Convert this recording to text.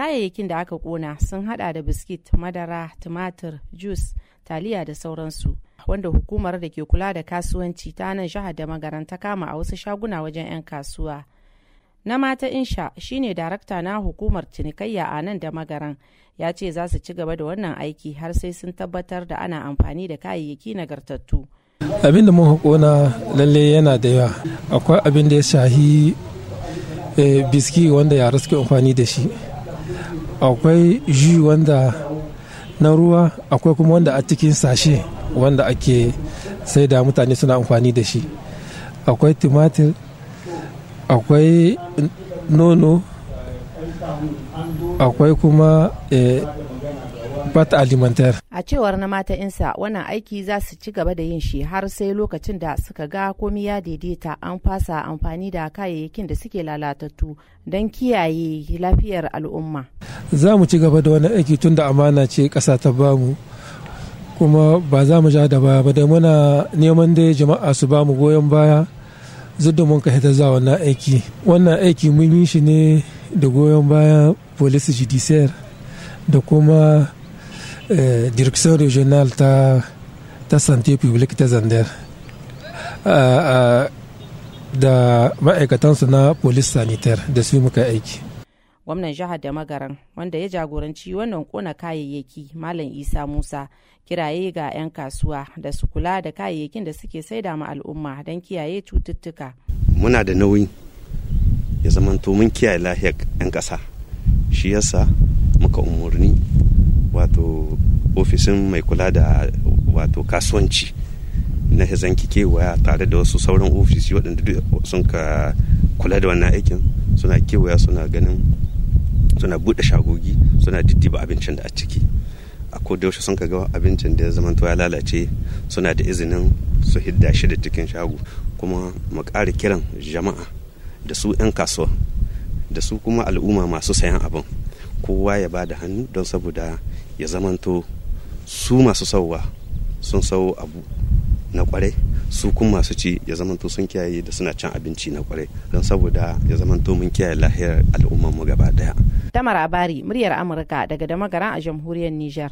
kayayyakin da aka kona sun hada da biskit madara tumatir jus taliya da sauransu wanda hukumar da ke kula da kasuwanci ta nan shahar da magaran ta kama a wasu shaguna wajen 'yan kasuwa na mata insha shine darakta na hukumar cinikayya a nan da magaran ya ce za su ci gaba da wannan aiki har sai sun tabbatar da ana amfani da kayayyaki nagartattu abin da mun kona lalle yana da yawa akwai abin da ya shahi eh, biski wanda yara suke amfani da shi akwai ji wanda na ruwa akwai kuma wanda a cikin sashe wanda ake sai da mutane suna amfani da shi akwai tumatir akwai nono akwai kuma bat eh, alimentar. A cewar na mata insa wannan aiki za su ci gaba da yin shi har sai lokacin da suka ga komi ya daidaita an fasa amfani da kayayyakin da suke lalatattu don kiyaye lafiyar al'umma. za mu ci gaba da wani aiki tun da amana ce ƙasa ta bamu kuma ba za mu ja da ba ba da muna neman dai jama'a su bamu goyon baya zudda mun ka hita za wannan aiki wannan aiki mun yi shi ne da goyon baya police judiciaire da kuma eh, direction regional ta ta santé publique ta zander da ma'aikatansu na police sanitaire da su muka aiki gwamnan jihar da magaran wanda ya jagoranci wannan kona kayayyaki malam isa musa kiraye ga 'yan kasuwa da su kula da kayayyakin da suke saida ma al'umma don kiyaye cututtuka muna da nauyi ya zama mun kiyaye lahiyar 'yan kasa shi yasa muka umarni wato ofisin mai kula da wato kasuwanci na hezanki kewaya tare da wasu sauran ofishi waɗanda sun ka kula da wannan aikin suna kewaya suna ganin suna buɗe shagogi suna diddiba abincin da a ciki a yaushe sun ga abincin da ya zama ya lalace suna da izinin su hidda shi da cikin shago kuma mu ƙara kiran jama'a da su 'yan kasuwa da su kuma al'umma masu sayan abin kowa ya ba da hannu don saboda ya zamanto su masu sauwa sun sau abu na kwarai su kun masu ci ya zamanto sun kiyaye da suna cin abinci na kwarai don saboda ya zamanto mun kiyaye lahiyar al'ummar mu gaba daya. Tamar Abari muryar Amurka daga Damagaran a jamhuriyar Nijar.